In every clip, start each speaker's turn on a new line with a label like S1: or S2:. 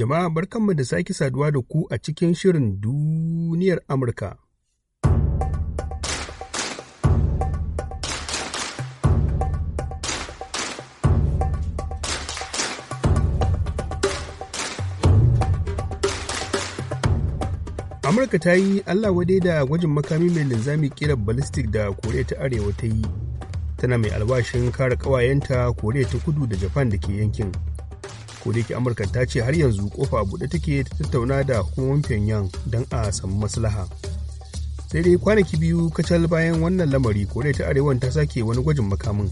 S1: Jama'a barkanmu da sake saduwa da ku a cikin shirin duniyar Amurka. Amurka ta yi Allah wadai da gwajin makami mai linzami kirar ballistic da Koriya ta Arewa ta yi, tana mai albashin kare ƙawayenta Koriya ta Kudu da Japan da ke yankin. ko amurka ta ce har yanzu kofa buɗe take ta tattauna da hukumomin pyongyang don a samu maslaha sai dai kwanaki biyu kacal bayan wannan lamari kore ta arewan ta sake wani gwajin makamin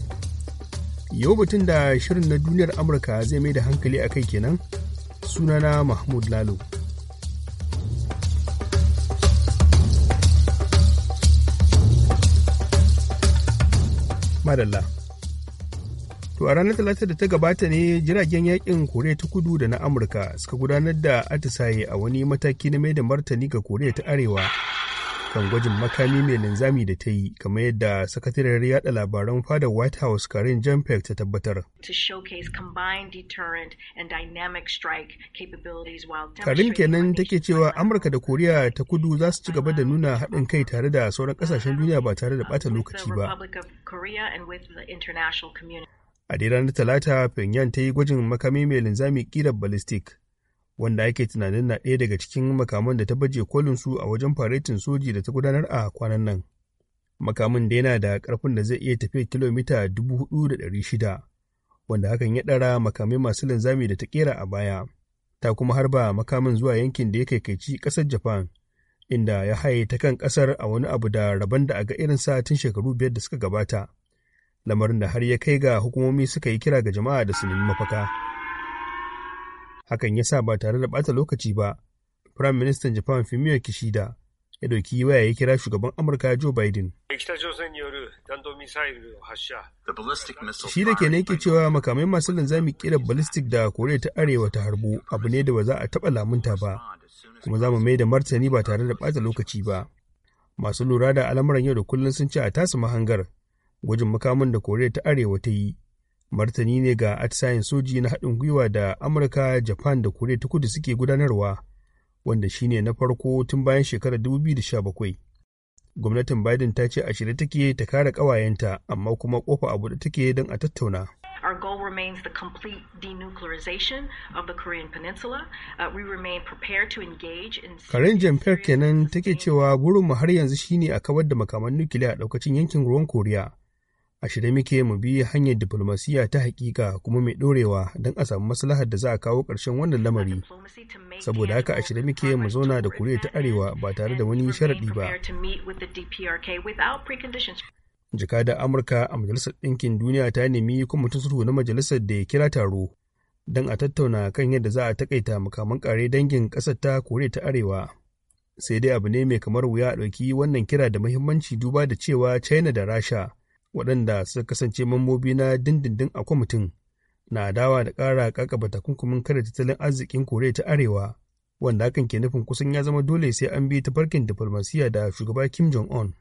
S1: yau batun da shirin na duniyar amurka zai mai da hankali a kai kenan sunana mahmud lalo madalla To a ranar Talata da ta gabata ne jiragen yakin Koriya ta Kudu da na Amurka suka gudanar da atisaye a wani mataki na mai da martani ga Koriya ta Arewa kan gwajin makami mai linzami da ta yi kamar yadda sakataren yada labaran fada white house karin jampek ta tabbatar karin kenan take cewa amurka da koriya ta kudu za su ci gaba da nuna haɗin kai tare da sauran ƙasashen duniya ba tare da ɓata lokaci ba a dai ranar talata pyongyang ta yi gwajin makami mai linzami ƙira ballistic wanda ake tunanin na ɗaya daga cikin makaman da ta baje kolin su a wajen faretin soji da ta gudanar a kwanan nan makamin da yana da ƙarfin da zai iya tafiya kilomita 4,600 wanda hakan ya ɗara makamai masu linzami da ta ƙera a baya ta kuma harba makamin zuwa yankin da ya kaikaici ƙasar japan inda ya haye ta kan ƙasar a wani abu da rabon da a ga irinsa tun shekaru biyar da suka gabata lamarin da har ya kai ga hukumomi suka yi kira ga jama'a da su nemi mafaka. Hakan ya sa ba tare da ɓata lokaci ba, Firayim Ministan Japan Fumio Kishida ya ɗauki waya ya kira shugaban Amurka Joe Biden. Shi da kenan yake cewa makamai masu linzami kira ballistic da kore ta Arewa ta harbo abu ne da ba za a taɓa lamunta ba, kuma za mu mai da martani ba tare da ɓata lokaci ba. Masu lura da al'amuran yau da kullum sun ce a tasu mahangar Gwajin makamin da Koriya ta Arewa ta yi martani ne ga atisayen soji na haɗin gwiwa da Amurka, Japan da Koriya ta Kudu suke gudanarwa, wanda shine na farko tun bayan shekarar 2017. Gwamnatin Biden ta ce a shirye take ta kare ƙawayenta, amma kuma kofa a da take don a tattauna. Our goal remains the complete denuclearization of the Korean Peninsula. Uh, we remain prepared to engage in. Karen Jamfer kenan take cewa burinmu har yanzu shine a kawar da makaman nukiliya a ɗaukacin yankin ruwan Koriya. a shirye muke mu bi hanyar diflomasiyya ta hakika kuma mai ɗorewa don a samu maslahar da za a kawo ƙarshen wannan lamari saboda haka a shirye muke mu zauna da koriya ta arewa ba tare da wani sharaɗi ba da amurka a majalisar ɗinkin duniya ta nemi kwamitin sulhu na majalisar da ya kira taro don a tattauna kan yadda za a takaita makaman kare dangin ƙasar ta koriya ta arewa sai dai abu ne mai kamar wuya a ɗauki wannan kira da muhimmanci duba da cewa china da rasha waɗanda suka kasance mambobi na dindindin a kwamitin na dawa da ƙara ƙaƙaba takunkumin kare tattalin arzikin koriya ta arewa wanda hakan ke nufin kusan ya zama dole sai an bi ta farkin diflomasiyya da shugaba kim jong un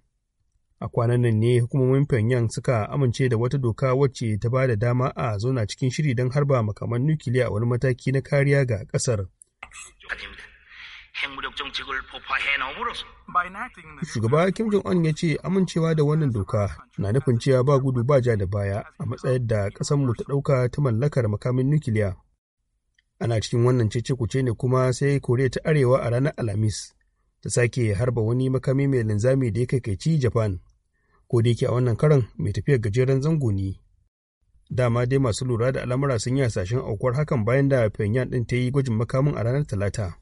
S1: a kwanan nan ne hukumomin pyongyang suka amince da wata doka wacce ta ba da dama a zauna cikin shiri don harba makaman nukiliya a wani mataki na kariya ga ƙasar Shugaba Kim Jong-un ya ce amincewa da wannan doka na nufin cewa ba gudu ba ja da baya a matsayar da mu ta ɗauka ta mallakar makamin nukiliya. Ana cikin wannan cece-kuce ne kuma sai Koriya ta Arewa a ranar Alhamis ta sake harba wani makami mai linzami da ya kai kaici Japan. Ko da yake a wannan karan mai tafiyar gajeren zango ne. Dama dai masu lura da al'amura sun yi hasashen aukuwar hakan bayan da Pyongyang ɗin ta yi gwajin makamin a ranar Talata.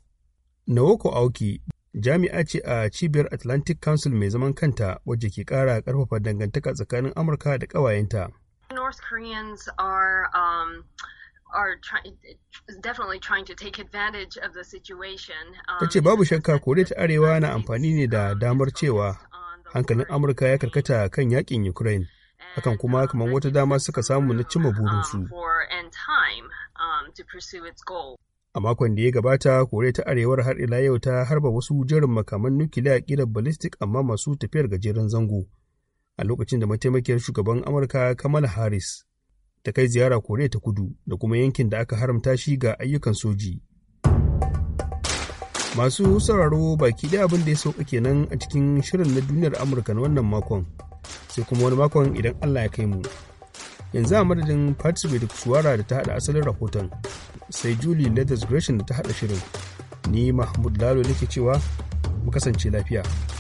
S1: Nawoko Aoki jami'a ce a cibiyar Atlantic Council mai zaman kanta waje ke kara karfafa dangantaka tsakanin Amurka da kawayenta. North Koreans are um, are try, to take advantage of the situation. Um, Tace babu shakka Koriya ta Arewa na amfani ne da um, damar cewa hankalin Amurka ya karkata kan yakin Ukraine. Hakan kuma um, kamar wata dama suka samu na cimma burinsu. A makon da ya gabata, Koriya ta Arewar har ila yau ta harba wasu jerin makaman nukiliya kirar ballistic amma masu tafiyar gajeren zango. A lokacin da mataimakiyar shugaban Amurka Kamala Harris ta kai ziyara Koriya ta Kudu da kuma yankin da aka haramta shi ga ayyukan soji. Masu sauraro baki da abin da ya sauka kenan a cikin shirin na duniyar Amurka na wannan makon. Sai kuma wani makon idan Allah ya kai mu. yanzu a madadin patrick da suwara da ta haɗa asalin rahoton sai julie leathers gresham da ta haɗa shirin ni mahmud lalo nake cewa mu kasance lafiya